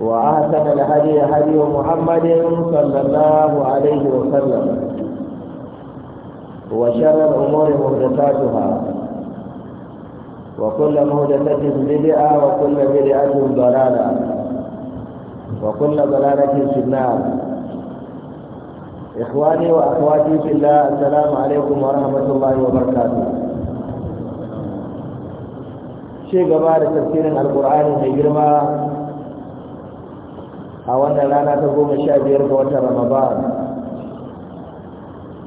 وأحسن الهدي هدي محمد صلى الله عليه وسلم وشر الأمور محدثاتها وكل محدثة بدعة وكل بدعة ضلالة وكل ضلالة في النار إخواني وأخواتي في الله السلام عليكم ورحمة الله وبركاته شيء قبار تفسير القرآن في جرمه a wannan rana ta goma sha biyar ga watan ramadan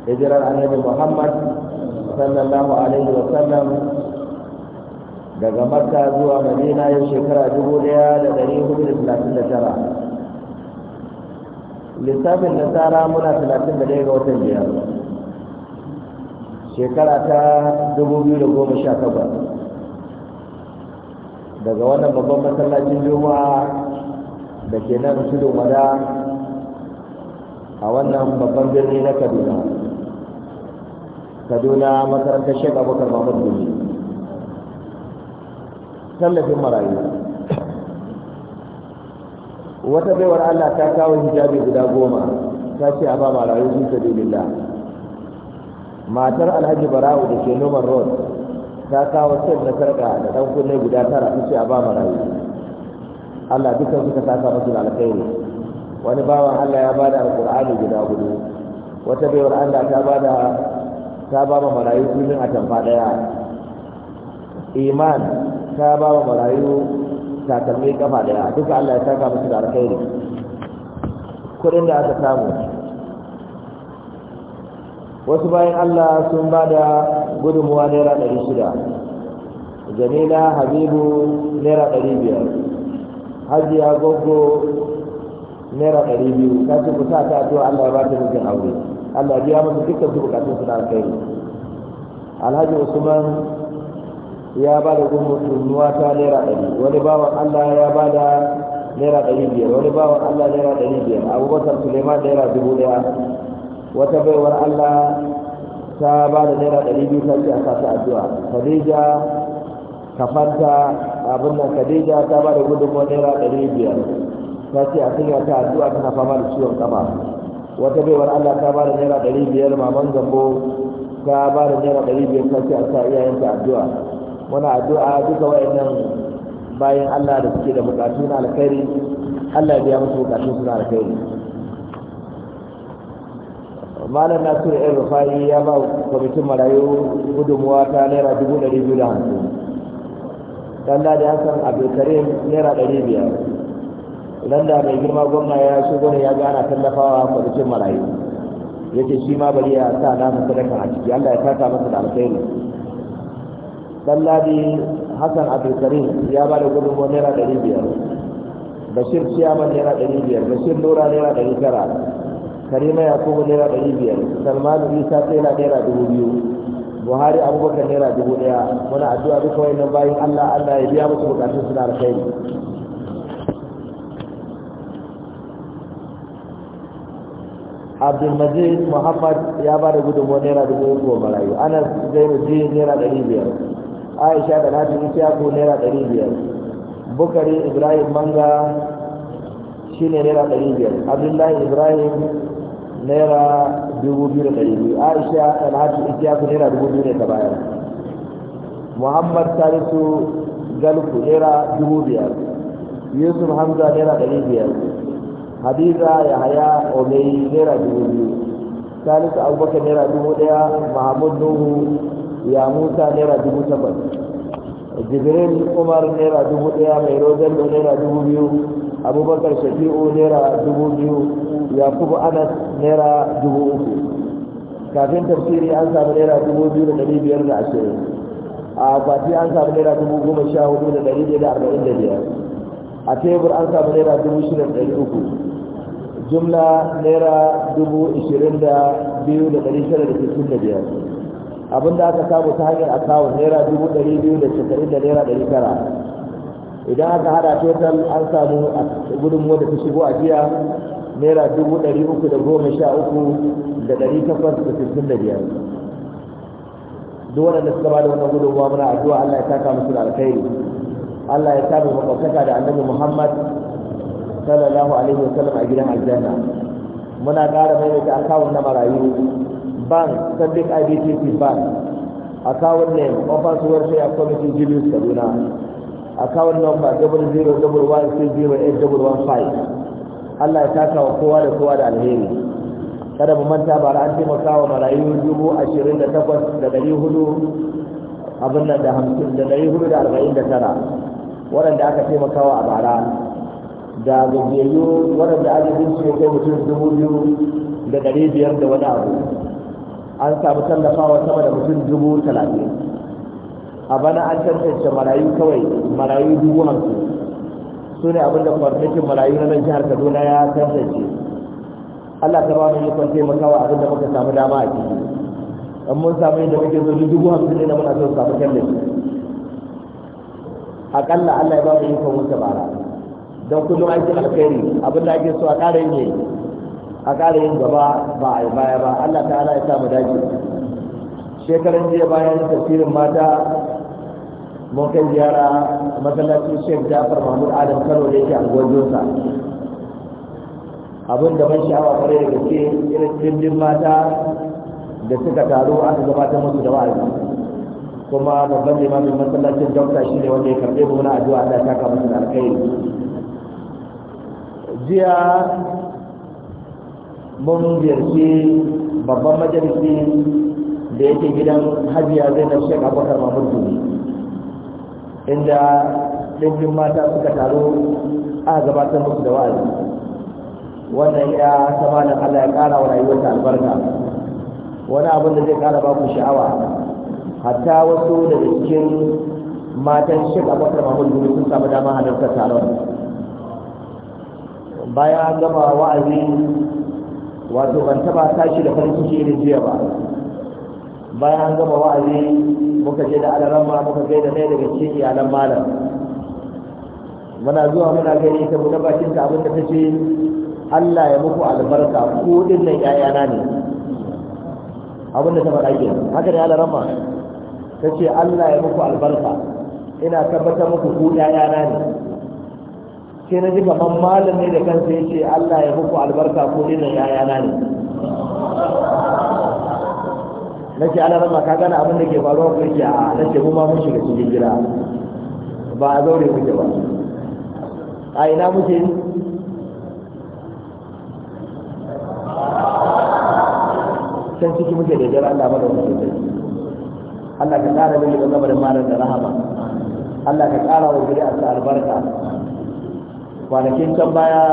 hijirar annabi muhammad sallallahu alaihi wa sallam daga makka zuwa madina yau shekara dubu daya da dari hudu da talatin da tara lissafin nasara muna talatin da daya ga watan biyar shekara ta dubu biyu da goma sha takwas daga wannan babban masallacin juma'a da ke nan tudun wada a wannan babban birni na kaduna kaduna makarantar shek abokan mahmud gumi tallafin marayu wata baiwar allah ta kawo hijabi guda goma ta ce a ba marayu sun sabilillah matar alhaji bara'u da ke noman road ta kawo sel na sarka da ɗan kunne guda tara ta ce a ba marayu Allah dukan suka saka musu alkhairi wani bawan Allah ya bada alqur'ani guda gudu. wata baiwar Allah ta bada ta ba ma marayu filin a tamfa daya iman ta ba ma marayu takalmi kafa daya duka Allah ya saka musu da alkhairi kudin da aka samu wasu bayan Allah sun bada gudunmuwa naira 600 shida jamila habibu naira ɗari biyar ya gogo naira ɗari biyu ta ce ku sa ta addu'a Allah ya ba ta mijin aure Allah ya biya musu dukkan su bukatun su na kai Alhaji Usman ya ba da tunuwa ta naira ɗari wani bawa Allah ya ba da naira ɗari biyar wani bawa Allah naira ɗari biyar abubakar Suleiman naira dubu ɗaya wata baiwar Allah ta ba da naira ɗari biyu ta ce a sa ta addu'a Khadija kafanta abin nan kadija ta ba da wani ra ɗari biyar ta ce a sanya ta addu'a tana fama da ciwon kafa wata baiwar Allah ta ba da naira ɗari biyar maman zambo ta ba da naira ɗari biyar ta ce a sa iyayenta addu'a muna addu'a duka wa'annan bayan Allah da suke da bukatu na alkhairi Allah ya biya musu bukatu su na alkhairi malam nasiru el rufai ya ba kwamitin marayu gudunmuwa ta naira dubu ɗari biyu da hamsin randa da hassan abdulkarim naira ɗari biyar da mai girma gwamna ya shigo ne ya ga ana tallafawa kwamitin marayu ya ce shi ma bari ya sa nasa sadaka a ciki allah ya taka masa da alkhairi ɗanladi hassan abdulkarim ya ba da gudunmuwa naira ɗari biyar bashir ciyaman naira ɗari biyar bashir nura naira ɗari tara karima yakubu naira ɗari biyar salmanu isa tela naira dubu biyu buhari abubakar naira dubu daya muna addu'a duka wayannan bayin allah allah ya biya musu bukatun suna da kai abdulmajid muhammad ya ba da gudunmuwa naira dubu uku wa marayu anas ji naira ɗari biyar aisha da nafi isiyaku naira ɗari biyar bukari ibrahim manga shine naira ɗari biyar abdullahi ibrahim naira dubu biyu da ɗari biyu aisha alhaji isiyaku naira dubu biyu ne ta bayar muhammad salisu galku naira dubu biyar yusuf hamza naira ɗari biyar hadiza yahaya omei naira dubu biyu salisu abubakar naira dubu ɗaya mahamud nuhu ya musa naira dubu takwas jibril umar naira dubu ɗaya mai rozan naira dubu biyu abubakar shafi'u naira dubu biyu Ya kuma ana naira dubu uku kafin tafsiri an samu naira dubu biyu da ɗari biyar da ashirin a akwati an samu naira dubu goma sha hudu da ɗari da arba'in da biyar a tebur an samu naira dubu shida da ɗari uku jumla naira dubu ishirin da biyu da ɗari shida da sittin da biyar abinda aka samu ta hanyar akawun naira dubu ɗari biyu da casa'in da naira ɗari tara idan aka hada total an samu a gudunmu da ta shigo a jiya naira dubu ɗari uku da goma sha uku da ɗari takwas da sittin da biyar duk waɗanda suka bada wannan gudunmuwa muna addu'a Allah ya saka musu da alkhairi Allah ya saka makwabtaka da annabi Muhammad sallallahu alaihi wasallam a gidan aljanna muna ƙara maimaita akawun na marayu bank sabbin ibtc bank akawun ne ofasuwar sai a kwamitin jibius kaduna account nomba double zero double one two zero eight double one five Allah ya taka wa kowa da kowa da alheri kada mu manta bara an taimaka wa marayu dubu ashirin da takwas da dari hudu abin nan da hamsin da dari hudu da arba'in da tara waɗanda aka taimakawa a bara da gajiyayyu waɗanda aka binci ya kai mutum dubu biyu da dari biyar da wani abu an samu tallafawa sama da mutum dubu talatin a bana an tantance marayu kawai marayu dubu hamsin su ne abin da kwamitin marayu na nan jihar kaduna ya tantance allah ta ba mu ikon taimakawa abin da muka samu dama a ciki in mun samu yadda muke so dubu hamsin ne na muna so samu tallafi aƙalla allah ya ba mu ikon wuce bara don kullum aikin alkhairi abin da ake so a ƙara yin yayi a ƙara yin gaba ba a yi baya ba allah ala ya sa mu dace shekaran jiya bayan tafsirin mata mun kai ziyara a masallacin shek jafar mahmud adam kano da yake angojinsa abin da ban sha'awa kare da gaske irin dindin mata da suka taru aka gabatar musu da wa'azi kuma babban limamin masallacin dokta shine wanda ya karɓe mu na addu'a Allah ta kawo musu da alkhairi jiya mun ziyarci babban majalisi da yake gidan hajiya zainab shek abubakar mahmud dumi inda dukkan mata suka taru a gabatar musu da wa'azi wannan ya sama da Allah ya kara wa rayuwar ta albarka wani abu da zai kara baku sha'awa hatta wasu daga cikin matan shek bakar mahmud gumi sun samu dama halartar taron bayan gama wa'azi wato ban taba tashi da farin ciki irin jiya ba bayan an gama wa'azi muka je da alarama muka gaida ɗaya daga cikin iyalan malam muna zuwa muna gani ta buɗe bakin ta abinda ta ce Allah ya muku albarka ko din nan ƴaƴana ne abinda ta faɗa ke haka ne alarama ta ce Allah ya muku albarka ina tabbatar muku ku ƴaƴana ne sai na ji kamar malam ne da kansa ya ce Allah ya muku albarka ko din nan ƴaƴana ne ce ana rama ka gane abin da ke faruwa ko yake a na mu ma mun shiga cikin gida ba a zaure kuke ba a ina muke can ciki muke da jira Allah mada wani sosai Allah ka ƙara bin da zama da malar da rahama Allah ka ƙara wa gida a albarka kwanakin can baya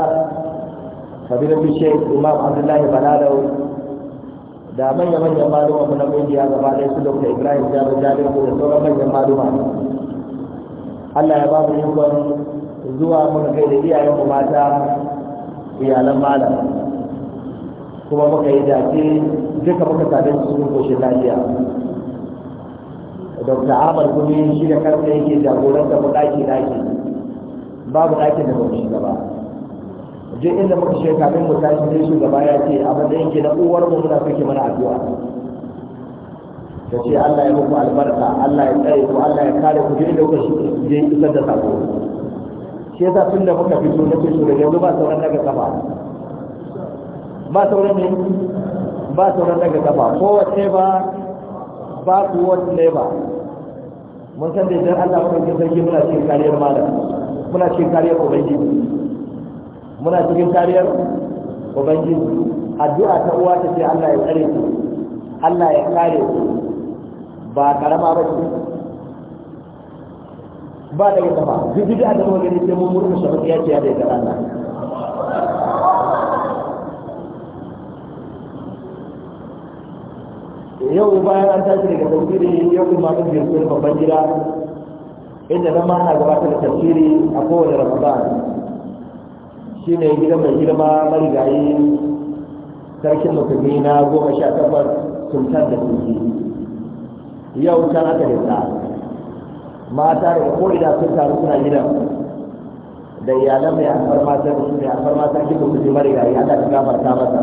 fadilatu shek imam abdullahi balalau da manya manyan maluma mu na kungiya gaba ɗaya su dr ibrahim jami ko da sauran manyan maluma allah ya ba mu yiwuwar zuwa muka kai da iyayen mu mata iyalan malam kuma muka yi dace duka muka same su cikin koshin lafiya dr ahmad kuma shi da karfe yake jagoranta mu ɗaki ɗaki babu ɗakin da ba mu shiga ba je inda muka shi kafin mu tashi su shugaba ya ce a matsayin yake na uwar mu muna kake mana addu'a ta ce Allah ya muku albarka Allah ya tsare ku Allah ya kare ku duk da kuka je isar da sako shi yasa tun da muka fito na fito da yanzu ba sauran daga kafa ba sauran ne ba sauran daga kafa kowace ba ba ku wace ne ba mun san da idan Allah kai sarki muna cikin kariyar malam muna cikin kariyar ubangiji muna cikin kariyar ubangiji addu'a ta uwa ta ce Allah ya tsare ku Allah ya kare ku ba karama ba ce ba da ya ba duk da gaba gani sai mun murna shi ya ce ya da Allah yau bayan an tashi daga tafsiri yau kuma an jirgin babban gida inda zama ana gabatar da tafsiri a kowane ramadan shi ne gidan mai girma marigayi sarkin musulmi na goma sha takwas sultan da suke yau can aka nisa mata da ko idan sun taru suna gidan da iyalan mai alfar matan ne alfar matan gidan musulmi marigayi ana ta gafarta masa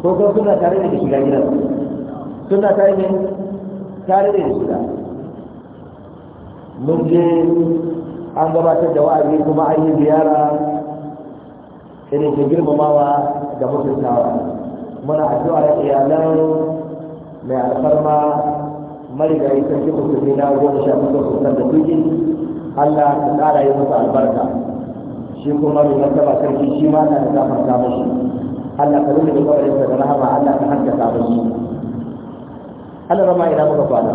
ko kuma suna tare da shiga gidan suna tare ne tare da shiga mun je an gabatar da wa'azi kuma an yi ziyara irin ta girmamawa da mutuntawa muna addu'a da iyalan mai alfarma marigayi sarki musulmi na goma sha kusa kusan da tuki allah ka tsara yi musu albarka shi kuma mai martaba sarki shi ma na da farka mashi allah ka rubuta kawarinsa da rahama allah ka hankaka mashi allah ma ina muka kwana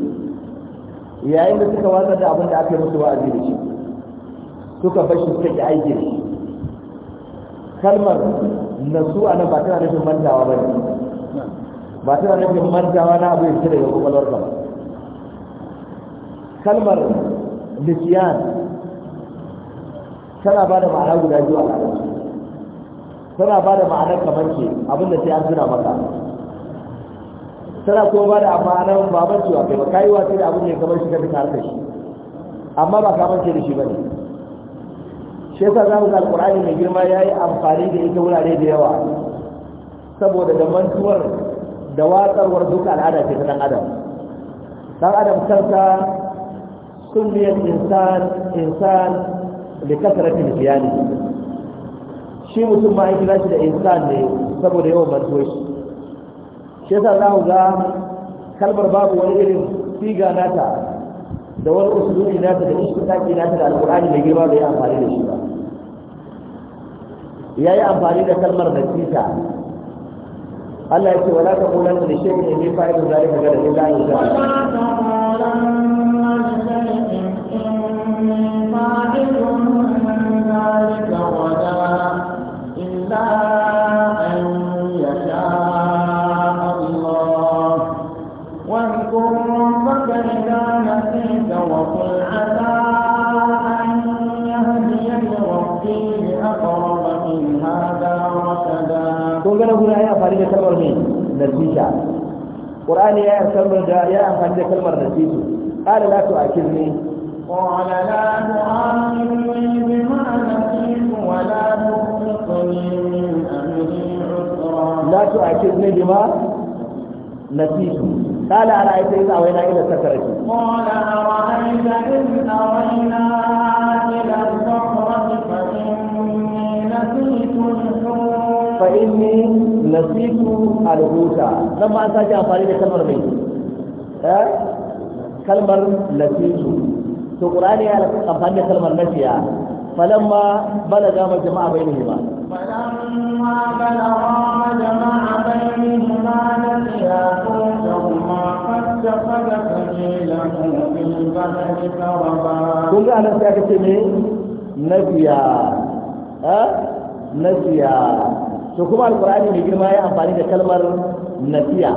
yayin da suka watsar da abin da aka yi musu wa'azi da shi suka bashi suka ki aiki kalmar nasu a nan ba tana nufin mantawa ba ne ba tana nufin mantawa na abu ya fita daga kwakwalwar ba kalmar nisiyan tana ba da ma'ana guda biyu a tana ba da ma'anar kamar ke abinda sai an tuna maka tana kuma ba da amanan baban cewa kai ba kayi wace da abin da ya kamar shi ka fi da shi amma ba ka mance da shi ba ne shi yasa za mu ga alqur'ani mai girma ya yi amfani da ita wurare da yawa saboda da mantuwar da watsarwar duka al'ada ce ta ɗan adam ɗan adam kansa kulli insan insan da kasaratin bayani shi mutum ma ya shi da insan ne saboda yawan mantuwar shi shi yasa za ku ga kalmar babu wani irin figa nata da wani usuluri nata da ishtitaki nata da alqur'ani mai girma ya amfani da shi ba yi amfani da kalmar da tita Allah ya ce wala ka kula da shi ne mai fa'idar zari ga Allah ya sa Allah نتيجة قرآن يا كلمة يا أحمد يا كلمة نتيجة قال لا تؤكلني قال لا تؤكلني بما نتيجة ولا تؤكلني لا تؤكلني بما نتيجة قال على عيسى إذا أوينا إلى السكرة قال أرأيت إذ أوينا إلى السكرة فإني نسيت الحوت فإني nasitu alhuta nan ma an sake amfani da kalmar mai eh? kalmar nasitu to qur'ani ya amfani da kalmar nasiya falamma balaga ma jama'a bainihima falamma balaga ma jama'a bainihima nasiya qawma fattakhadha sabilahu bil kun ga ce me nasiya eh? to kuma alƙur'ani mai girma ya yi amfani da kalmar nasiya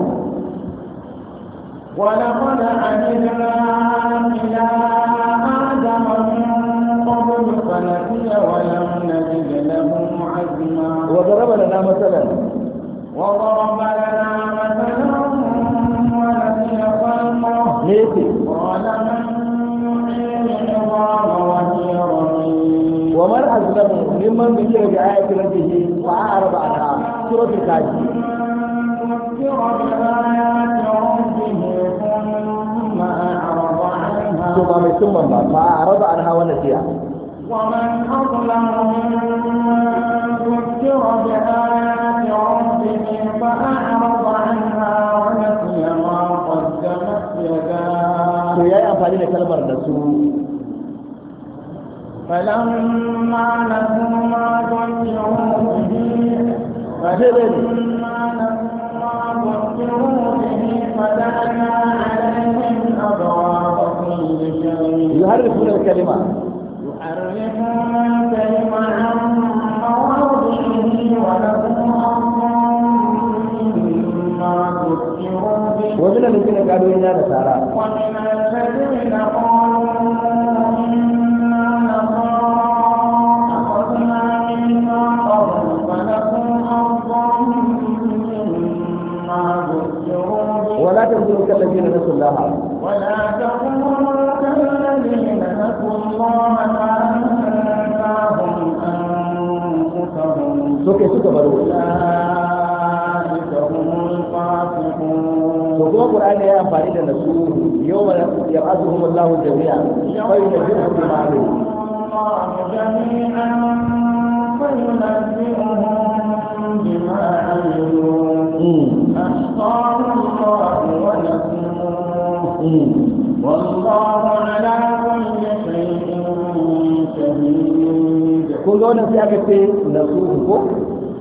wala qala anina ila adama min qabl qanatiya wa lam najid lahum azma wa daraba lana masalan wa daraba lana masalan wa lam yaqamu ممن ذكر بآية ربه وأعرض عنها سورة الكافر ثم ثم عنها ونسيها ومن أظلم ذكر بآيات ربه فأعرض عنها ونسي ما قدمت يداه. ويا أنفعلين كلمة الرسول فلما نسوا ما ذكروا به فلما نسوا ما ذكروا به فتحنا عليهم أبواب كل شيء يحرفون الكلمة يحرفون الكلمة عن مواضعه ولهم ومن الذين قالوا إنا نسارى suka baro to kuma qur'ani ya amfani da nasu yawma yab'athuhum Allah jami'a fa yunabbi'uhum bima amilu بما عملوا أحصاه الله ونسوه والله على كل شيء شهيد كل ونسي أكثر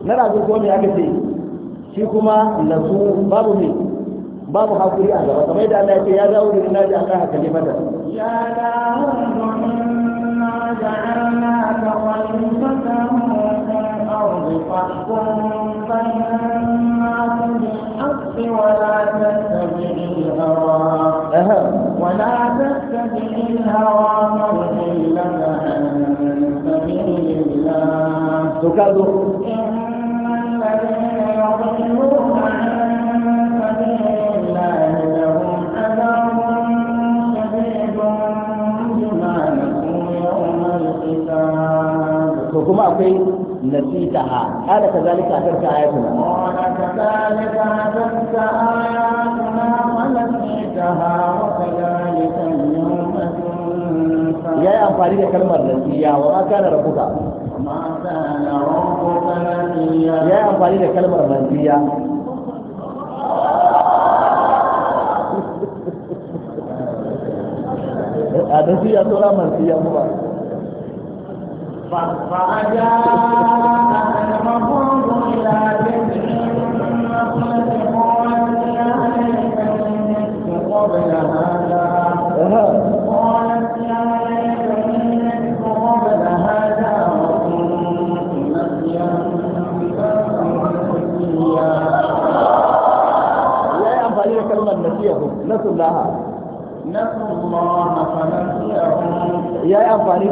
na razin ko me aka ce shi kuma nasu babu me babu hakuri a gaba kamar da Allah ya ce ya dawo da ina da Allah haka mata ya dawo da inna ja'alnaka khalifatan fil ardi fahkum bainan nas bil wa la tattabi'il hawa wa la tattabi'il hawa man laka an sabilillah to kazo kuma akwai nasitaha ala kazalika atarka ayatuna ala kazalika atarka ayatuna wa nasitaha amfani da kalmar nasiya wa ma kana rabbuka ma ya yi amfani da kalmar manziya a da su yato na manziya mu ba ba a ja a ɗanyen mabu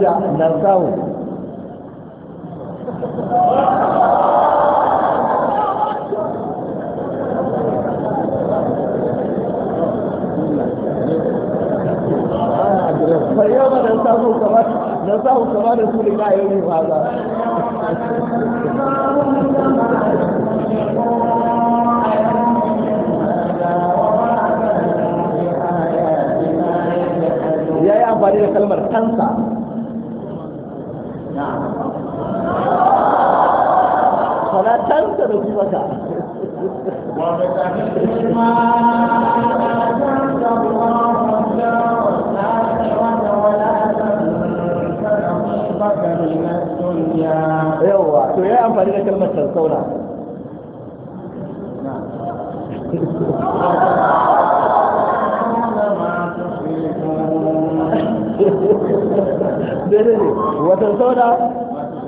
da nasahu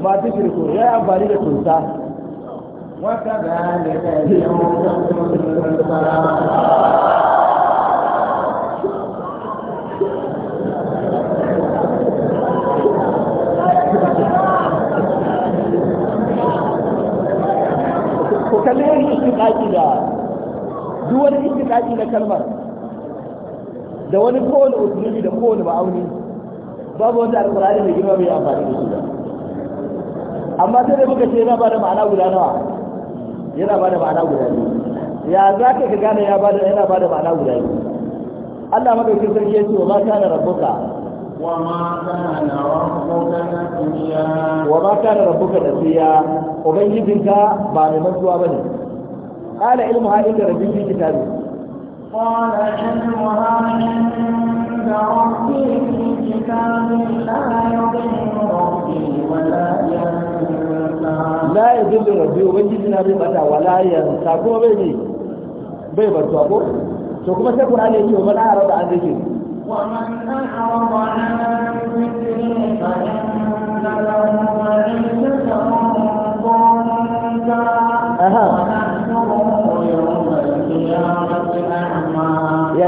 ba ta shirko ya yi amfani da tunsa ku kalli wani istiƙaƙi da duk wani istiƙaƙi na kalmar da wani kowane usulubi da kowane ma'auni babu wanda alƙur'ani mai girma mai amfani da shi amma sai da muka ce yana ba da ma'ana guda nawa yana ba da ma'ana guda biyu ya za ka ka gane ya ba da yana ba da ma'ana guda biyu Allah madaukin sarki ya ce wa ma kana rabbuka wa ma kana rabbuka nasiya wa ma kana rabbuka nasiya ubangijinka ba mai mantuwa bane qala ilmuha inda rabbi fi kitabi qala ilmuha عند ربي في كتاب لا يضل ربي ولا ينسى لا يضل na bai bata wala kuma bai ne bai batuwa ko to kuma sai Qur'ani ya ce wa man arada an zikri wa aha ya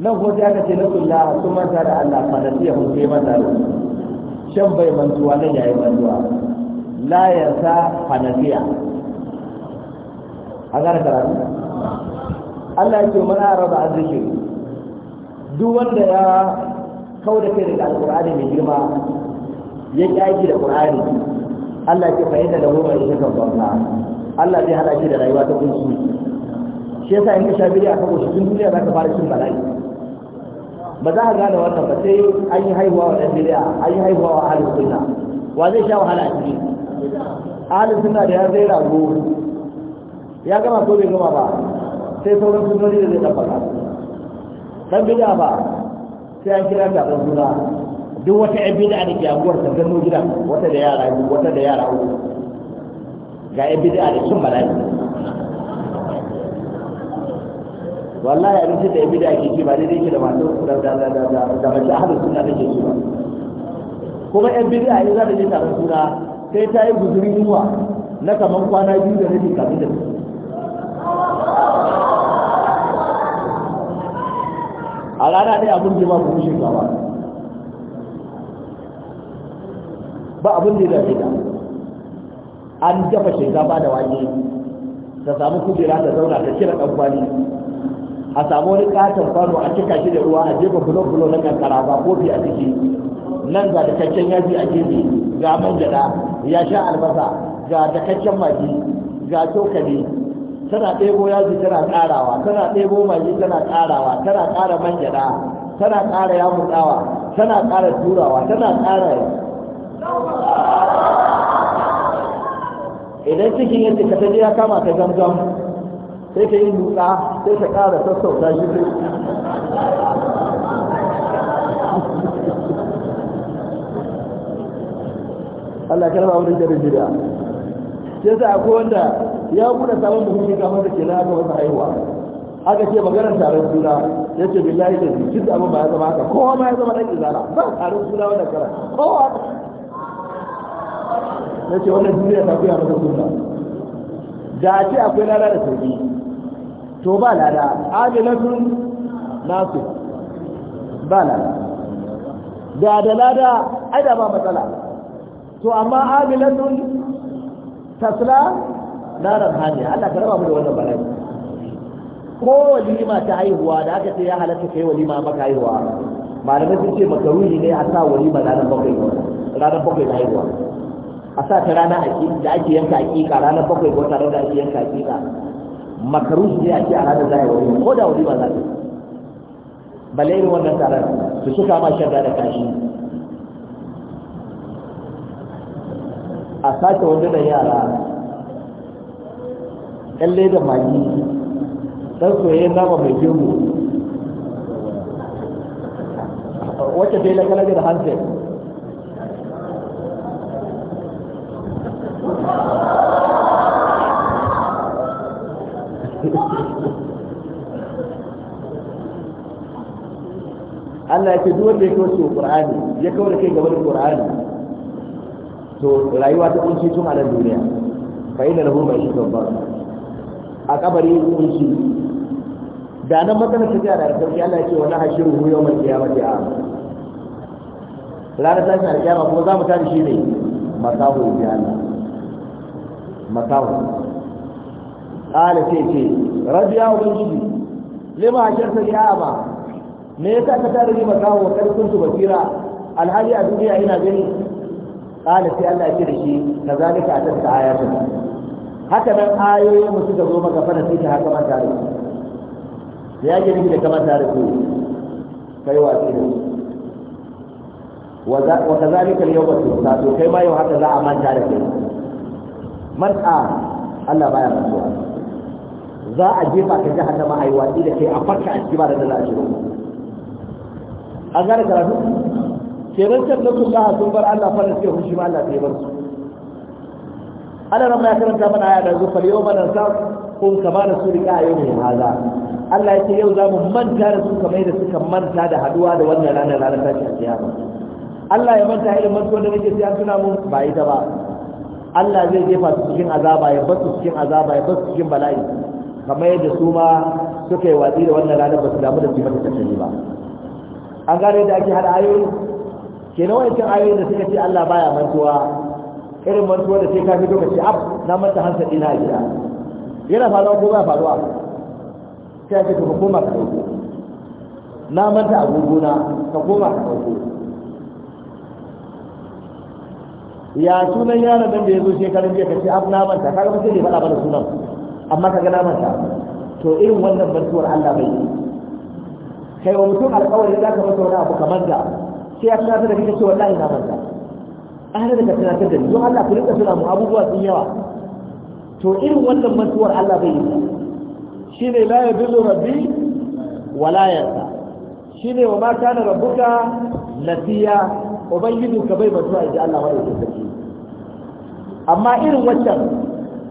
nan ko sai aka ce na kulla sun manta da Allah fa nasiya hun sai manta da shan bai mantuwa nan yayi mantuwa la ya sa nasiya an gane karatu Allah yake mana araba azzikir duk wanda ya kauda kai daga alqur'ani mai girma ya aiki da ƙur'ani. Allah ke fahimta da mu ya shakan bauta Allah zai hana shi da rayuwa ta kunsu shi yasa in ka sha biri a kan tun duniya za ka fara cin bala'i ba za a gane wannan ba sai an yi haihuwa wa ɗan bid'a an yi haihuwa wa ahlus sunna wa zai sha wahala a ciki ahlus sunna da ya zai rago ya gama ko bai gama ba sai sauran sunnoni da zai tabbata dan bid'a ba sai an kira da ɗan suna duk wata ɗan bid'a da ke anguwar ta gano gidan wata da yara wata da yara ga ɗan bid'a da cin mala'ika wallahi abinci da bid'a ke ci ba dai yake da masu da da da da da mace ahlus sunna da ci ba kuma yan bid'a in za ta je taron suna sai ta yi guzuri ruwa na kaman kwana biyu da rabi kafin da a rana ne abin da ba ku mushe ba ba abin da ya zafi an dafa ba da wani ta samu kujera ta zauna ta kira ɗan kwani a samu wani katon kwano a cika shi da ruwa a jefa bulo-bulo na kankara ba kofi a ciki nan ga dakaccen yaji a gefe ga manjada ya sha albasa ga dakaccen maji ga cokali tana ɗebo yaji tana ƙarawa tana ɗebo maji tana ƙarawa tana ƙara manjada tana ƙara yamutsawa tana ƙara turawa tana ƙara idan cikin yadda cika ta je ya kama ta zamzam sai ka yi nutsa sai ka ƙara sassauta shi sai Allah ya karba wurin jarin jira. Ya sa ko wanda ya kuna sabon da kuke kamar da ke na ga wasu haihuwa aka ce maganar taron suna ya ce billahi da shi duk abin ba ya zama haka kowa ma ya zama ɗan izara ba taron suna wanda kara kowa ya ce wannan duniya ya tafiya masa suna da ce akwai lalata sauki to ba lada amilatun nasu ba lada da da lada ai da ba matsala to amma amilatun tasla naran haniya Allah karaba mu da wannan bayani ko walima ta haihuwa da aka ce ya halatta kai walima maka haihuwa malamai sun ce makaruni ne a sa walima ranar bakwai ranar bakwai da haihuwa a sa ta rana da ake yanka hakika ranar bakwai ko tare da ake yanka hakika makarusu ne a ce a hada zai wani ko da wani ba za ta bale irin wannan tarar, su suka ma shadda da kashi a sake wani da yara Kalle da magi ɗan soyayya nama mai girmu wacce ta yi lakalage da hansel Allah ya ce duk wanda ya kauce Qur'ani ya kaura kai gaba da Qur'ani to rayuwa ta kunshi tun a duniya fa inna lahu shi ba a kabari kunshi da nan magana ta jira da sarki Allah ya ce wani hashiru hu yawmal qiyamati a ranar tashin alƙiyama kuma za mu tashi shi ne masahu ya Allah masahu qala sai ce rabbiya ubangiji lima hashirta ya ama me yasa ka tare da makawo karfin su basira alhali a duniya ina gani qala sai Allah ya ce da shi kazalika atatka ayatu haka nan ayoyin mu suka zo maka fara da haka ma tare da ya ke da kamar tare ku kai wa ce da wa kazalika al-yawma ta to kai ma yau haka za a manta da kai man a Allah baya mantuwa za a jefa ka jahannama ayi watsi da kai a farka a cikin ba da za a shiru a gane karatu kenan can na kusa sun bar Allah fara ce hushi ma Allah ta bar su ana nan ya karanta mana aya da zufal yau mana sa kun kama da su rika a yau mai haza Allah ya ce yau za mu manta da su kamar da suka manta da haduwa da wannan ranar ranar tashi a kiyama Allah ya manta irin masu da nake sai an tuna mu ba ita ba Allah zai jefa su cikin azaba ya su cikin azaba ya su cikin bala'i kamar yadda su ma suka yi watsi da wannan ranar ba su damu da su ta tattali ba an gane da ake hada ayoyi ke na wancan ayoyi da suka ce Allah baya mantuwa irin mantuwa da sai ka fito ka ce ab na manta hansa ina gida yana faruwa ko ba faruwa sai ake ka koma ka dauko na manta agogona ka koma ka dauko ya sunan yaron nan da ya zo shekarun jiya ka ce ab na manta kaga ba sai ne faɗa da sunan amma ga na manta to irin wannan mantuwar Allah bai yi kai wa mutum alƙawari za ka mutu wani abu kamar da sai ya tunatar da kake ce wallahi na manta an hana daga tunatar da ni don Allah ku rinka tuna mu abubuwa sun yawa to irin wannan mantuwar Allah bai yi shi ne la ya billu rabbi wala yansa shi ne wa ma kana rabbuka nasiya ka bai mantuwa inji Allah wani sarki amma irin waccan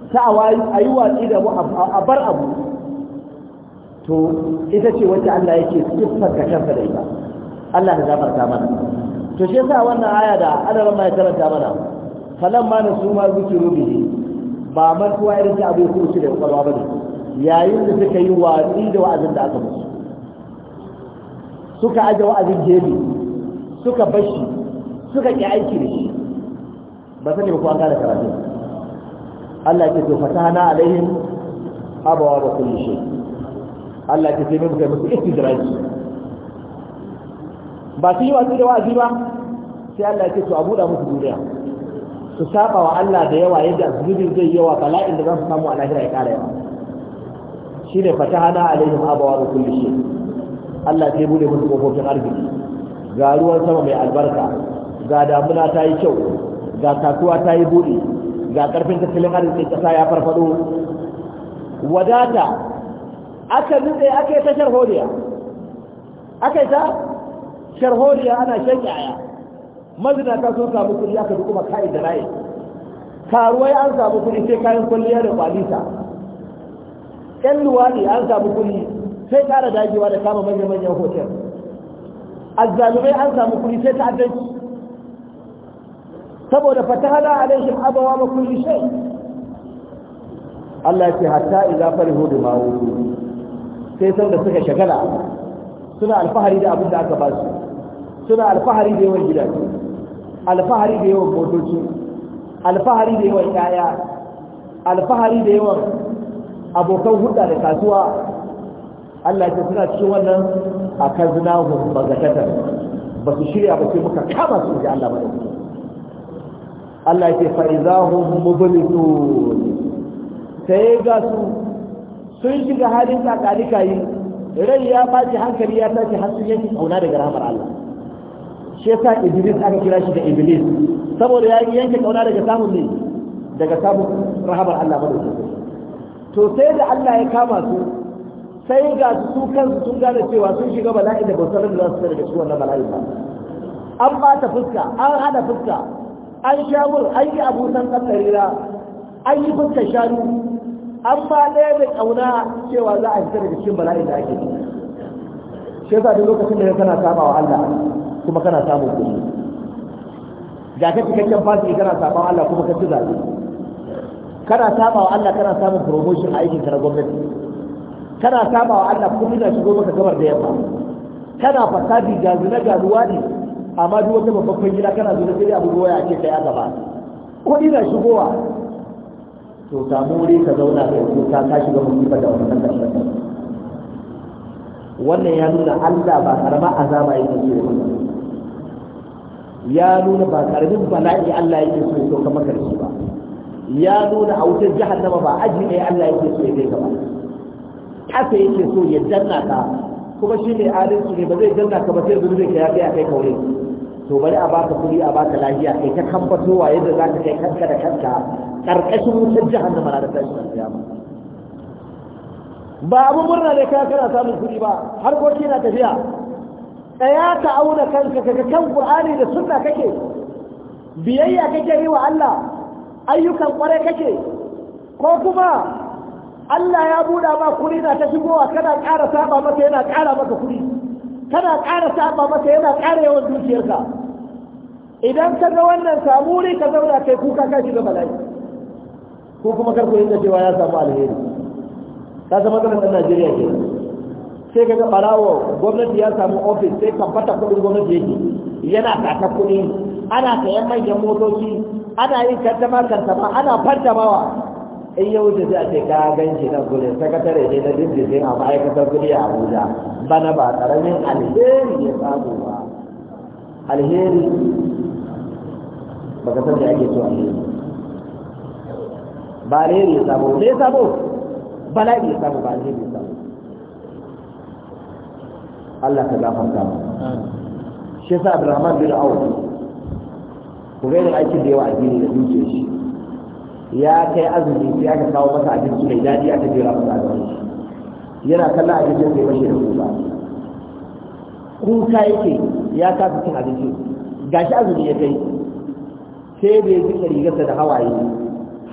ta a yi watsi da a bar abu to ita ce wacce Allah yake siffar ka kansa da ita Allah ya gafarta mana to shi yasa wannan aya da Allah ma ya karanta mana falan ma na suma zikiru bihi ba mantuwa irin ta abu shi da kwalwa bane yayin da suka yi wa'azi da wa'azin da aka musu suka aje wa'azin jebi suka bashi suka ki aiki da shi ba sani ba ko an gane karatu Allah ya ce to fatahana alaihim abawa ba kulli shay'in Allah ya sai muka musu istidraji ba su yi wasu da wa'azi ba sai Allah ya ce to a buɗa musu duniya su saba wa Allah da yawa yadda zubin zai yawa bala'in da za su samu a lahira ya ƙara yawa shi ne fatahana alaihim abawa da kulli shi Allah sai bude musu kofofin arziki ga ruwan sama mai albarka ga damuna ta yi kyau ga kasuwa ta yi buɗe ga ƙarfin tattalin arziki ƙasa ya farfado wadata aka nutse aka yi ta sharholiya aka yi ta sharholiya ana shan mazina mazinata sun samu kuɗi aka duk kuma kai da raye karuwai an samu kuɗi sai kayan kwalliya da kwalita ƴan luwaɗi an samu kuɗi sai ƙara dagewa da kama manya-manyan hotel azzalumai an samu kuɗi sai ta'addanci saboda fatahala alaihim abawa ma kulli shay Allah ya ce hatta idza farihu bima wudu sai sanda suka shagala suna alfahari da abin da aka ba su suna alfahari da yawan gidaje alfahari da yawan motoci alfahari da yawan yaya alfahari da yawan abokan hulɗa da kasuwa Allah ya suna cikin wannan a kan zinahun bazakatar ba su shirya ba sai muka kama su ji Allah mai Allah ya ce fa'izahun mublisun sai ga su sun shiga halin tsakalika yi rai ya faci hankali ya tashi hasu sun yanki kauna daga rahamar Allah shi yasa iblis aka kira shi da iblis saboda ya yanke kauna daga samun ne daga samun rahamar Allah madaukakin to sai da Allah ya kama su sai ga su kansu sun gane cewa sun shiga bala'i da bautar da za su daga ciwon na bala'i ba an bata fuska an hada fuska an shamur an yi abusan tsakarira an yi fuskar shanu an ba ɗaya da ƙauna cewa za a fita daga cikin bala'in da ake shi yasa duk lokacin da kana saba wa Allah kuma kana samu kuɗi ga ka cikakken fasiki kana saba wa Allah kuma ka ci zaɓe kana saba wa Allah kana samun promotion a aikin ka na gwamnati kana saba wa Allah kuma na shigo maka gabar da yamma kana fasadi ga zina ga luwadi amma duk wata babban gida kana zuwa sai abubuwa ya ce kai a gaba kuɗi na shigowa to ta wuri ka zauna ka yi ta, tashi shiga musifa da wannan karshen wannan ya nuna Allah ba karama azaba yake so ya ya nuna ba karamin bala'i Allah yake so ya so ka ba ya nuna a wutar jahannama ba aji ne Allah yake so ya kai ka ba kasa yake so ya danna ka kuma shi ne adalci ne ba zai danna ka ba sai zurbe ka ya kai a kai ka to bari a baka kuɗi a baka lafiya kai ta wa yadda za ka kai kanka da kanka ƙarƙashin wutar jahannama na da tashin da kiyama ba abu murna ne kai kana samun kuɗi ba ko na tafiya tsaya ka auna kanka kaga kan qur'ani da sunna kake biyayya kake yi wa Allah ayyukan kware kake ko kuma Allah ya buɗa ma kuɗi na ta shigowa kana ƙara saba maka yana ƙara maka kuɗi kana ƙara saba maka yana ƙara yawan dukiyarka idan ka ga wannan samu wuri ka zauna kai kuka ka shiga bala'i ko kuma karku inda cewa ya samu alheri ka zama ganin ɗan najeriya ke sai ka ga ɓarawo gwamnati ya samu ofis sai ka fata kuɗin gwamnati yake yana kaka kuɗi ana sayan manyan motoci ana yin kantama kantama ana fantamawa in ya wuce sai a ce ka gan shi na kudin sakatare ne na dindindin a ma'aikatar kudi a abuja bana ba karamin alheri ya samu ba alheri Baka san da ake so yi ba ne ya sabo ne ba bala'i ya sabo ba ne ya sabo Allah ka gafarta mu shi yasa Abdurrahman bin Auf ku ga da aikin da yawa a jini da zuciyar shi ya kai azumi sai aka kawo masa abinci mai daɗi aka jira masa abinci yana kallon abincin sai mashi da kuka kuka yake ya kasa cin abinci gashi azumi ya kai sai da ya jika rigarsa da hawaye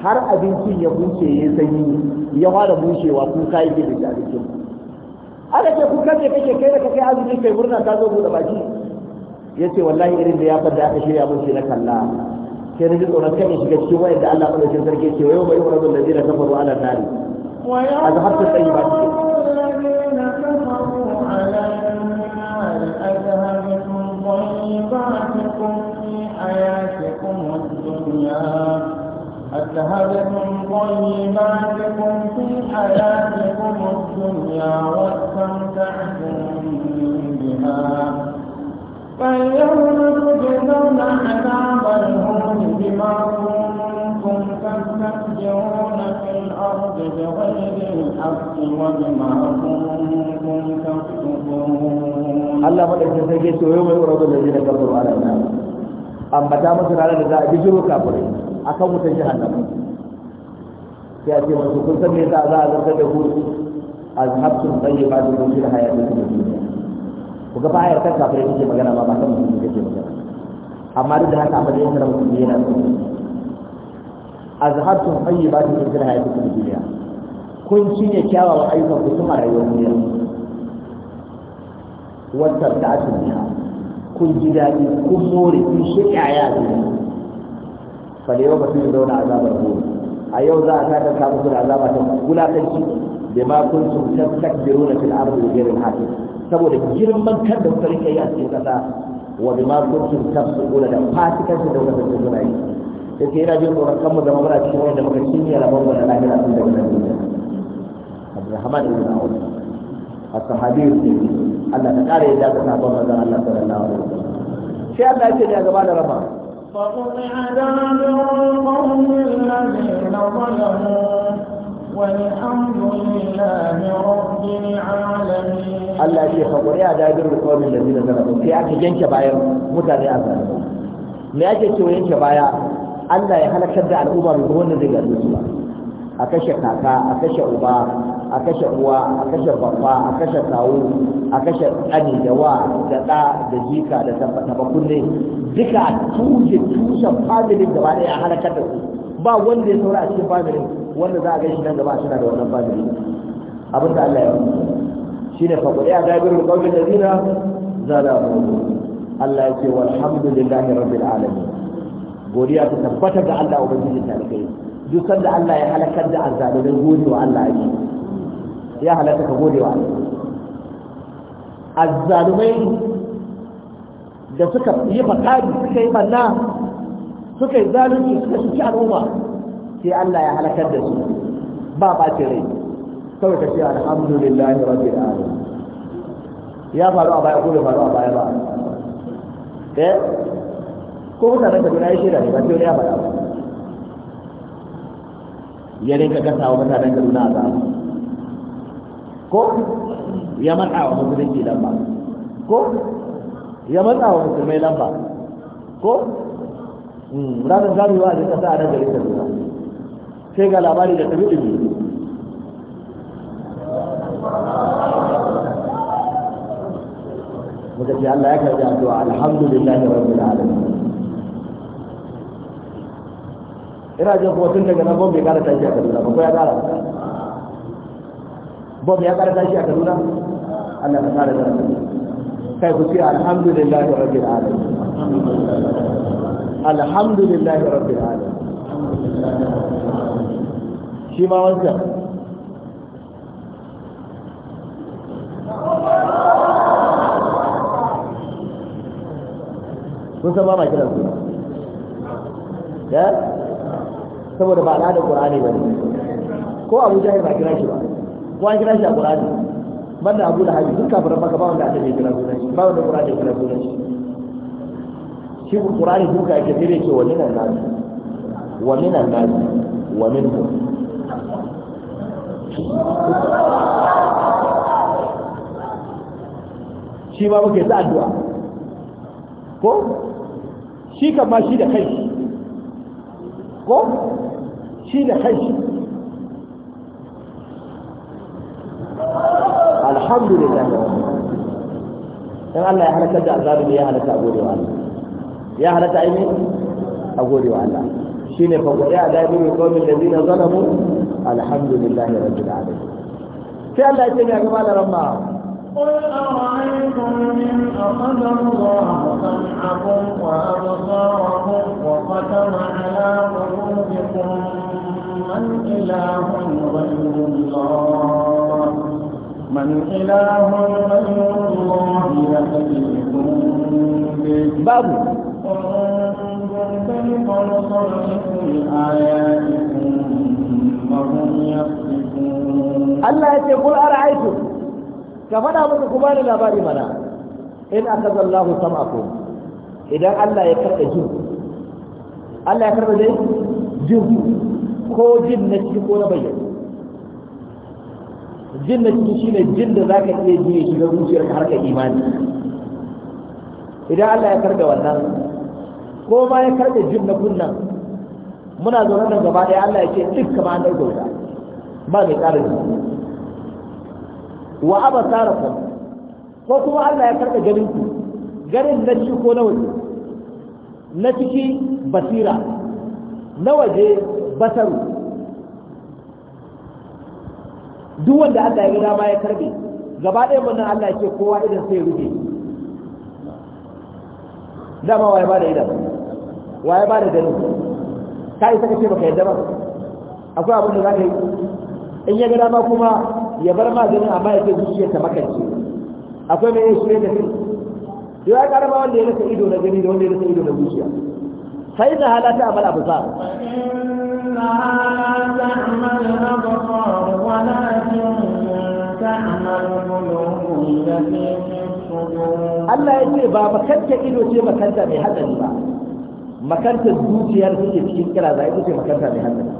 har abincin ya bushe ya sanyi ya fara bushewa kuka ke da jarikin aka ce kuka ce kake kai da kai azumi kai murna ka zo da baki ya ce wallahi irin da ya fada aka shirya mun shi na kalla sai da tsoron kan ya shiga cikin wayar da Allah madaukin sarki ce wa yau bai wani da zira kafaru ala nari azhabtu tayyibatin أذهبتم طيباتكم في حياتكم الدنيا واستمتعتم بها فاليوم تجزون عذاب الهون بما كنتم تستكبرون في الأرض بغير الحق وبما كنتم تكتبون الله مدعو سيكي سوى يوم يورد الذين كفروا على النار أما تامسنا على النار بجروا كافرين akan wutar jahannama sai a ce masu kun san me yasa za a zarta da ku azhabtum tayyibatukum fil hayatid dunya ku ga bayar ta kafare kike magana ba ba kan mutum ce magana amma duk da haka amma da yake da mutum yana so azhabtum tayyibatukum fil hayatid dunya kun cinye kyawawan ayyukan ku kuma rayuwar duniya wannan da asiriya kun ji daɗi kun more kun shi ƙyaya duniya fal yau ba sun zauna azabar gobe a yau za a tada ka musu da azaba ta wulakanci da ma kuntum tastakbiruna fil ardi bi ghairi al saboda girman kan da kuka rike yi a cikin kasa wa bi ma kuntum tafsiquna da fasikanci da kuka rike suna yi yake yana jin tsoron kanmu zama muna cikin wanda muka cinye rabon na lahira sun daga nan duniya Abdurrahman ibn Auf as-sahabi Allah ta kare ya da sahabban manzon Allah sallallahu alaihi wasallam sai Allah ya ce ne a gaba da rama Allah ya ce faƙuri a dajin rikomin da zina zara sai aka yanke bayan mutane a zara. Me ake ce yanke baya Allah ya halakar da al'umma da wanda zai gaske su ba. A kashe kaka, a kashe uba, a kashe uwa a kashe babba a kashe kawo a kashe ƙani da wa da ɗa da jika da tabakunne duka a tushe tushen familin gaba ɗaya a halakar da su ba wanda ya saura a cikin familin wanda za a gaishe nan gaba suna da wannan familin abin da Allah ya yi shi ne faƙuɗe a gabirin ƙaunin da zina za da mu Allah ya ce walhamdulillahi rabbil alamin godiya ta tabbata ga Allah ubangiji ta kai duk sanda Allah ya halakar da azzalumin gode wa Allah ya ya halatta ka gode wa azzalumai da suka yi fakari suka yi manna suka yi zalunci suka shuki al'umma sai Allah ya halakar da su ba ba ce rai kawai ka ce alhamdulillahi rabbil alamin ya faru a baya ko bai faru a baya ba eh ko mutanen Kaduna ya shirya ne ba sai ya faru ya rinka gasawa mutanen Kaduna a zama ko ya matsa wa musulunci lamba ko ya matsa wa musulmai lamba ko ranar zamewa da kasa a nan garin kaduna sai ga labari da tabi ɗumi muka ce Allah ya karbi addu'a alhamdulillah rabbil alamin ina jin kuma tun daga nan bai kara tashi a kaduna ba ko ya kara bom ya kara tashi a kaduna Allah ka kara zara kai ku ce alhamdulillahi rabbil alamin alhamdulillahi rabbil alamin shi ma wancan kun san ba ma kiran su ya saboda ba al'adar qur'ani ba ko abu jahil ba kira shi ba ko an kira shi a qur'ani banda abu da hajji duk kafiran maka ba wanda aka je kira sunan shi ba wanda qur'ani kira sunan shi shi qur'ani duka yake sai dai ce wani minan nas wani minan nas wa minhum shi ma muke ta addu'a ko shi kan ma shi da kai ko shi da kai الحمد لله رب العالمين قال الله يا هلك الدعاء يا هلك أقولي وعلا يا هلك أيمين أقولي وعلا شين فقر يا دائمين قوم الذين ظلموا الحمد لله رب العالمين في الله يسمي يا جمال رمى قل أرأيتم إن أخذ الله سمعكم وأبصاركم وختم على قلوبكم من إله غير الله من إله غير الله يهديه باب انظر كيف نصرتكم آياتكم وهم Allah ya ce kul ara'aytu ka fada muku kuma da labari mana in akaza Allahu sam'aku idan Allah ya karba ji Allah ya karba ji ji ko jin na ci ko na bayyana jin na shi shine jin da zaka iya ji ya shiga zuciyarka har ka imani idan Allah ya karga wannan ko ma ya karga jin na kunnan muna zaune nan gaba ɗaya Allah ya ce duk kama an ɗauke wuta ba mai ƙara ji wa aba tsara ko kuma Allah ya karga ganin ku ganin na ciki ko na waje na ciki basira na waje basaru duk wanda Allah ya gida ma ya karbe gaba ɗaya mun Allah ke kowa idan sai rufe dama waye bada idan waye bada gani ka isa kace baka yadda ba akwai abin da zaka yi in ya gada ma kuma ya bar ma ganin amma ya ce zuciyar ta makance akwai mai yin shirye da kai yau ya karama wanda ya rasa ido na gani da wanda ya rasa ido na zuciya sai da halata amal abu sa Allah ya ce ba makanta ido ce makanta بابا كنت إلو شيء مكانتا بهذا makantar zuciyar take cikin kira za a ita ce makanta mai hankali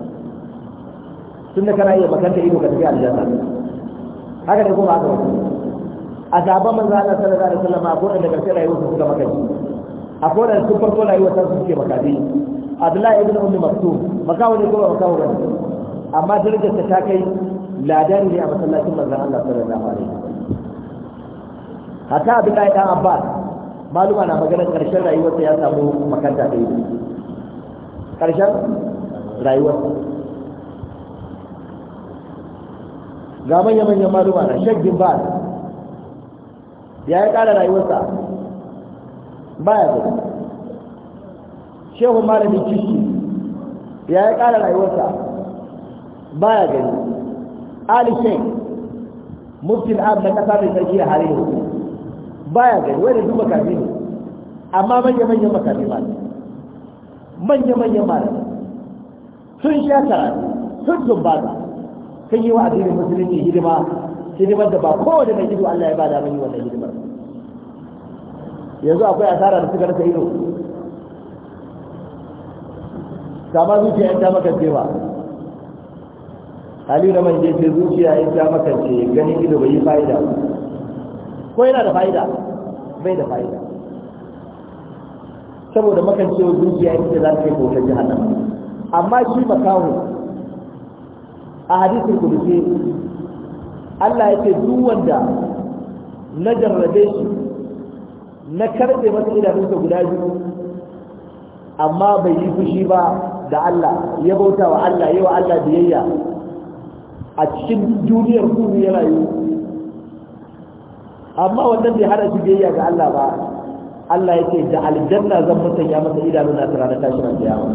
tunda kana iya makanta ido ka tafi aljanna haka ne kuma aka wasu a zaɓa manzo zana sallallahu alaihi wasallam a kodan da karshe rayuwar su suka makanci a kodan sun farko rayuwar ta suke makadi Abdullahi ibn Ummi Maktum makawo ne kuma ba makawo ba amma darajar ta kai ladan ne a masallacin manzon Allah sallallahu alaihi wasallam hatta Abdullahi dan Abbas maluma na maganar karshen rayuwarsa ya samu makanta da ido karshen rayuwarsa ga manya-manyan maluma na shaggin ba ya yi ƙara rayuwarsa baya gudu shehun malamin ciki ya yi ƙara rayuwarsa baya gani ali sheikh muftin Abu na kasa mai sarki a halin yanzu baya gani wani duk makafi ne amma manya-manyan makafi ba ne, manya-manyan malamai sun sha tara, sun zumbata kan yi wa addinin musulunci hidima hidimar da ba kowane mai ido Allah ya ba da yi wannan hidimar yanzu akwai asara da suka rasa ido kama zuciya ta maka ba. hali da man jefe zuciya ya ja makance ganin ido bai yi fa'ida ko yana da fa'ida bai da fa'ida saboda makancewa zuciya ita za ta kai kotar jahannama amma shi makaho a hadisin kudusi Allah ya ce duk wanda na jarrabe shi na karbe masa idanunsa guda biyu amma bai yi fushi ba da Allah ya bauta wa Allah yi wa Allah biyayya a cikin duniyar kunu ya rayu amma wannan bai hada shi biyayya ga Allah ba Allah ya ce da aljanna zan mutu ya masa idanu na tsara na tashi ran kiyama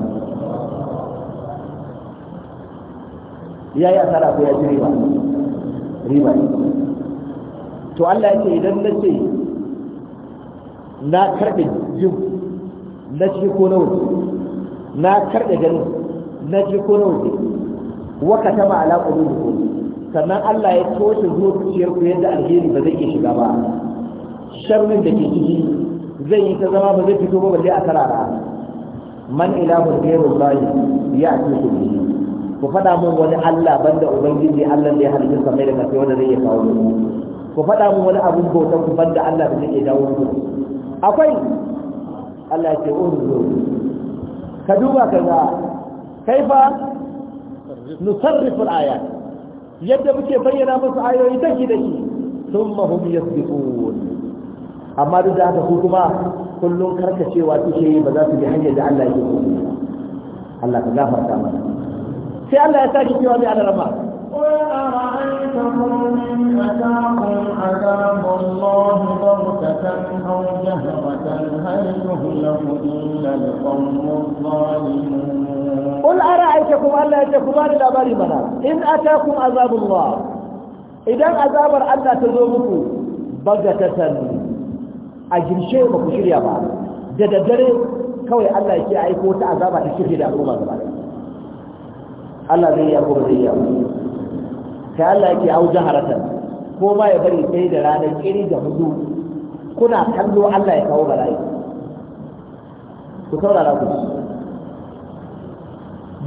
ya yi asara ko ya ji riba riba to Allah ya ce idan na ce na karbe jin na ce ko na wuce na karbe ganin na ce ko na wuce wa katama ala qulubikum sannan Allah ya toshe zuciyar ku yadda alheri ba zai iya shiga ba sharrin da ke ciki zai yi ta zama ba zai fito ba balle a karara man ilahun ghayrul lahi ya atiku bihi ku faɗa mun wani Allah banda ubangiji Allah da ya halitta samai da kafai wanda zai iya kawo mu. ku faɗa mun wani abun bauta ku banda Allah da zai iya dawo ku akwai Allah ya ce unzur ka duba kaza kai fa nusarrifu al-ayat yadda muke bayyana musu ayoyi take da shi thumma hum yasbiqun amma duk da haka kuma kullum karkacewa suke ba za su bi hanyar da Allah yake so Allah ka gafarta mana sai Allah ya sake cewa bi alarama أرأيتكم إن أتاكم qul ara'aytakum Allah ya ce ku bani labari mana in atakum azabullah idan azabar Allah ta zo muku bagatatan a girshe ba ku shirya ba da daddare kawai Allah ya ce aiko ta azaba ta shirye da al'umma gaba Allah zai yi ko zai yi sai Allah ya ce au jaharatan ko ma ya bari da ranar kiri da hudu kuna kallo Allah ya kawo bala'i ku saurara ku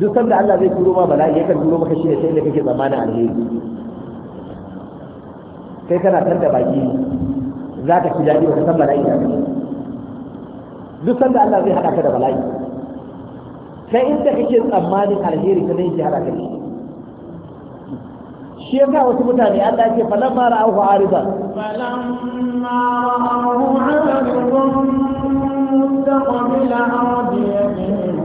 duk saboda Allah zai turo ma bala'i yakan turo maka shi ne sai da kake zamanin alheri kai kana tar da baki za ka ci daɗi ka san bala'i da kai duk sanda Allah zai haɗa ka da bala'i kai inda kake tsammanin alheri ka zai haɗa ka da shi yasa wasu mutane Allah ce falan ma ra'ahu arida falan ma ra'ahu arida mustaqbil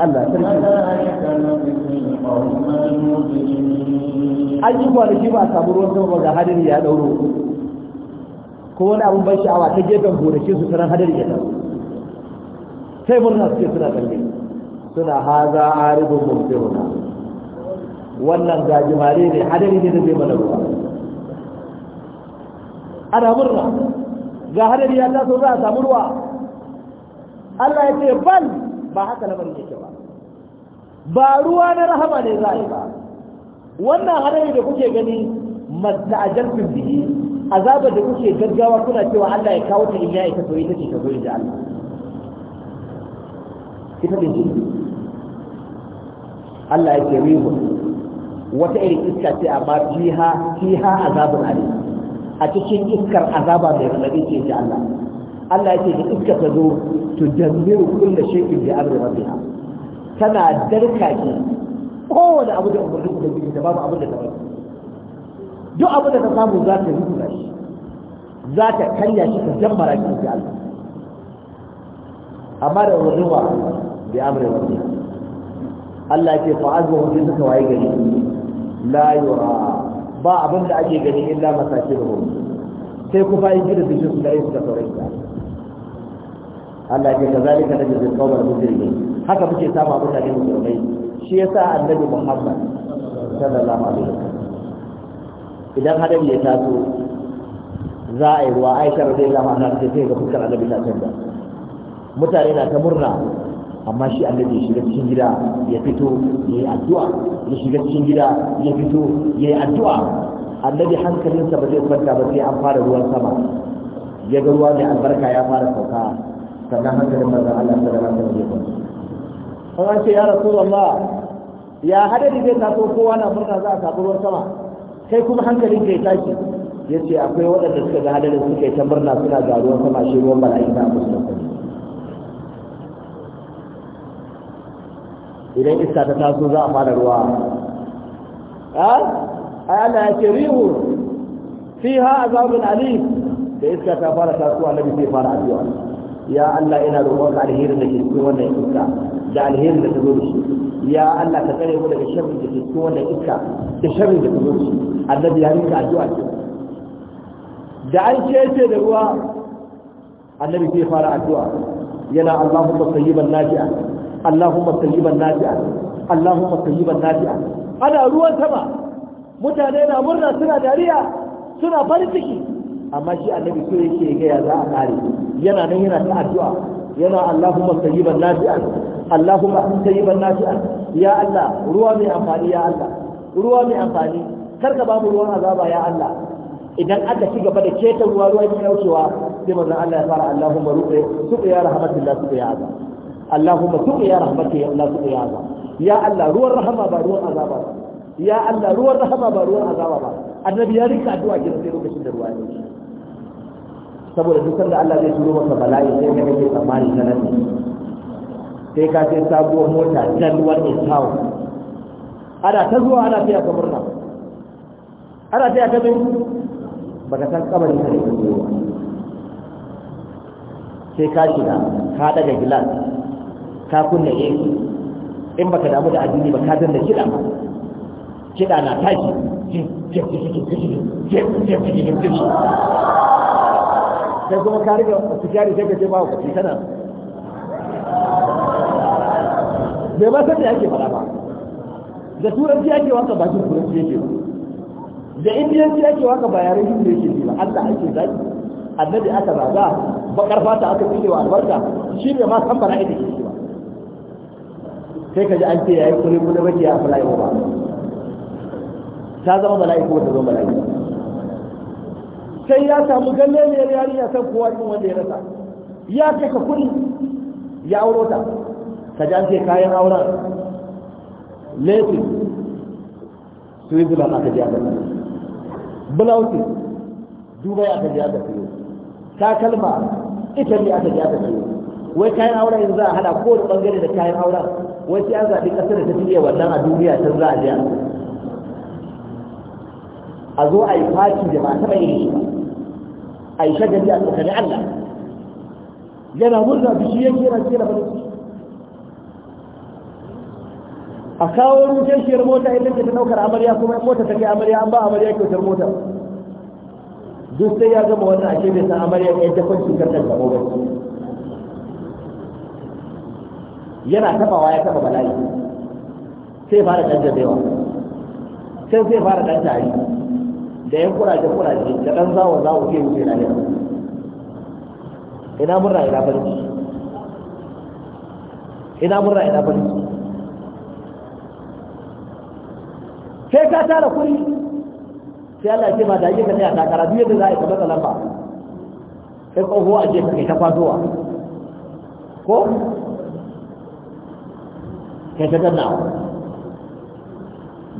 Allah sarki an yi shi ba a samu ruwan sama ga hadari ya dauro ko wani abin ban sha'awa ta gefen gonakin su sanar hadari ya dauro sai murna suke suna kalli suna haza aridun mumtiruna wannan gajimare ne hadari ne da zai mana ruwa ana murna ga hadari ya taso za a samu ruwa Allah ya ce bal ba haka na ne ba ruwa na rahama ne za a yi ba wannan hadari da kuke gani masta'ajaltum bihi azabar da kuke gaggawa kuna cewa Allah ya kawo ta in ya ita to ita ce ta zo da Allah ita ce shi Allah ya ke rihu wata irin iska ce amma fiha fiha azabun alim a cikin iskar azaba mai rabe ce da Allah Allah ya ce da iska ta zo to jambiru kullu shay'in bi amri rabbiha tana darka ki kowane abu da umarni ubangiji da babu abin da ta bari duk abin da ta samu za ta yi rubuta shi za ta karya shi ta jammara shi da Allah amma da umarnin wa bi amrin wani Allah ya ce fa azwa sai suka waye gari la yura ba abin da ake gani illa masakiru sai ku fa yin da su da su da ta. Allah ya ce kazalika najzi qawmal mujrimin haka muke sama mutane musulmai shi yasa annabi muhammad sallallahu alaihi wasallam idan hadari ya taso za a yi ruwa aisha radiyallahu anha ta ce ga fuskar annabi ta canza mutane na ta murna amma shi annabi ya shiga cikin gida ya fito ya yi addu'a ya shiga cikin gida ya fito ya yi addu'a annabi hankalinsa ba zai kwanta ba sai an fara ruwan sama ya ga ruwa mai albarka ya fara sauka sannan hankalin manzon Allah sallallahu alaihi wasallam kawai ce ya rasulullah ya da zai taso kowa na murna za a samu ruwan sama kai kuma hankalin ya tashi ya ce akwai waɗanda suka ga hadarin suka yi ta murna suna ga ruwan sama shi ruwan bala'i na musulunci idan iska ta taso za a fara ruwa a Allah ya ce rihu a azabun ali da iska ta fara tasowa bi sai fara addu'a ya Allah ina roƙon alherin da ke cikin wannan iska da alherin da ta zo da shi ya Allah ka tsare mu daga sharrin da ke cikin wannan iska da sharrin da ta zo da shi annabi ya rinka addu'a ce da an kece da ruwa annabi zai fara addu'a yana Allahumma sayyiban nafi'a Allahumma sayyiban nafi'a Allahumma sayyiban nafi'a ana ruwan sama mutane na murna suna dariya suna farin ciki amma shi annabi so yake ga ya za a kare yana nan yana ta addu'a yana Allahumma sayyiban nafi'an Allahumma sayyiban nafi'an ya Allah ruwa mai amfani ya Allah ruwa mai amfani kar ka bamu ruwan azaba ya Allah idan aka ci gaba da keta ruwa ruwa ya daukewa sai manzon Allah ya fara Allahumma ruqi suqi ya rahmatillah suqi ya azab Allahumma suqi ya rahmatillah ya Allah suqi ya azab ya Allah ruwan rahama ba ruwan azaba ba ya Allah ruwan rahama ba ruwan azaba ba annabi ya rika addu'a gidan sai lokacin da ruwa ya dauke saboda duk sanda Allah zai turo maka bala'i sai ka kake tsammani na nan sai ka sai sabuwar mota wani tawo ana ta zuwa ana fiya ta murna ana fiya ta bin baka san kabari ka ne sai ka shiga ka daga gilas ka kunna AC in baka damu da addini ba ka da kiɗa ba kiɗa na tashi sai kuma ka riga su kyari sai ka ce ba kuɗi kana bai ba san yake fara ba da turanci ake waka ba shi turanci yake ba da indiyanci ake waka ba yaren hindi yake ba Allah ake zai, annabi aka zaga bakar fata aka tsike wa albarka shi ne ma san fara ita ke ba sai ka ji an ce yayi kullum da bace ya fara yi ba ta zama mala'iku ta zama mala'iku sai ya samu galle ne yi san kowa din wanda ya rasa ya ka kuɗi ya auro ta ka ji an ce kayan auren lefin switzerland aka ji aka sayo blouse dubai aka ji aka sayo takalma italy aka ji aka sayo wai kayan auren yanzu a hada kowane bangare da kayan auren wai sai an zaɓi ƙasar da ta fiye wannan a duniya tun za a je a zo a yi fati da ba taɓa yin shi ba a yi shagali a tsakanin Allah yana murna biki yake yana cikin abin a kawo rutashiyar mota idan ta daukar amarya kuma mota ta kai amarya an ba amarya kyautar mota duk sai ya gama wannan ashe bai san amarya ya ta kwanci karkar da ba yana tabawa ya taba bala'i sai fara dan jabewa sai sai fara dan tari da ya kuraje kuraje da dan zawo zawo ke wuce na yau ina murna ina farin ina murna ina farin ciki sai ka tara kuri sai Allah ce ba da yake kai a takara biyu yadda za a yi kamar lamba sai ko a je kai ta kwadowa ko kai ta dannawa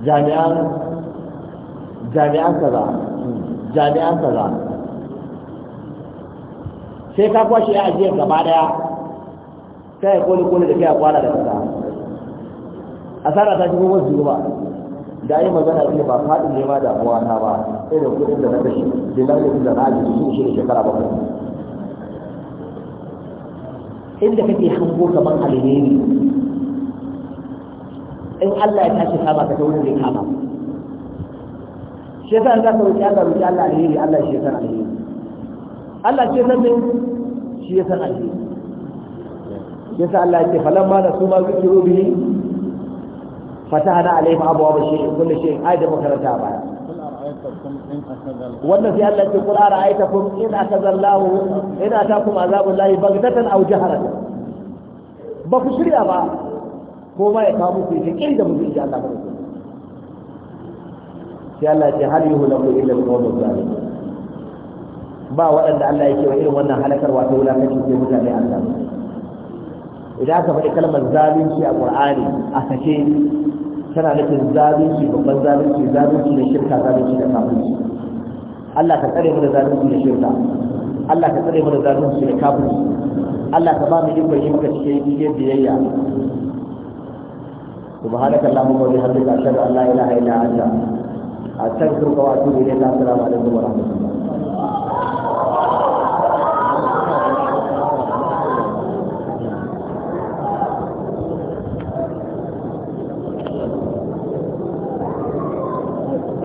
jami'an jami'an kaza jami'an kaza sai ka kwashe ya ajiyar gaba daya sai ya koli koli da kai a kwana da kasa asara ta shigo wasu ba da yi magana ce ba faɗin nema da abuwa na ba sai da kudin da na kashi dinar da na ajiye su shi da shekara bakwai inda kake hango kamar alheri in Allah ya tashi kama ka ta wurin da kama shi ta an zaka roki Allah roki Allah alheri Allah shi yasa alheri Allah shi yasa din shi yasa alheri yasa Allah yake falamma da su ma zikiru bihi fatahana alaihim abwaaba shay'in kullu shay'in ayda makaranta baya wannan sai Allah ce kula ra'aytakum in akaza Allah in atakum azabul lahi baghtatan aw jaharatan ba ku shirya ba ko ma ya kawo ku ce kin da mu ji Allah ba sai Allah ce hal yuhlaku illa al-qawmu zalim ba waɗanda Allah yake wa irin wannan halakar wato wulakanci sai mutane Allah idan aka faɗi kalmar zalunci a Qur'ani a sake tana nufin zalunci babban zalunci zalunci da shirka zalunci da kafirci Allah ka tsare mana da zalunci da shirka Allah ka tsare mana da zalunci da kafirci Allah ka ba mu yin bayyana maka cikin biyayya subhanakallahumma wa bihamdika ashhadu an la ilaha illa anta A cak da ɗum ka wata yi ni na a tura da ɗum a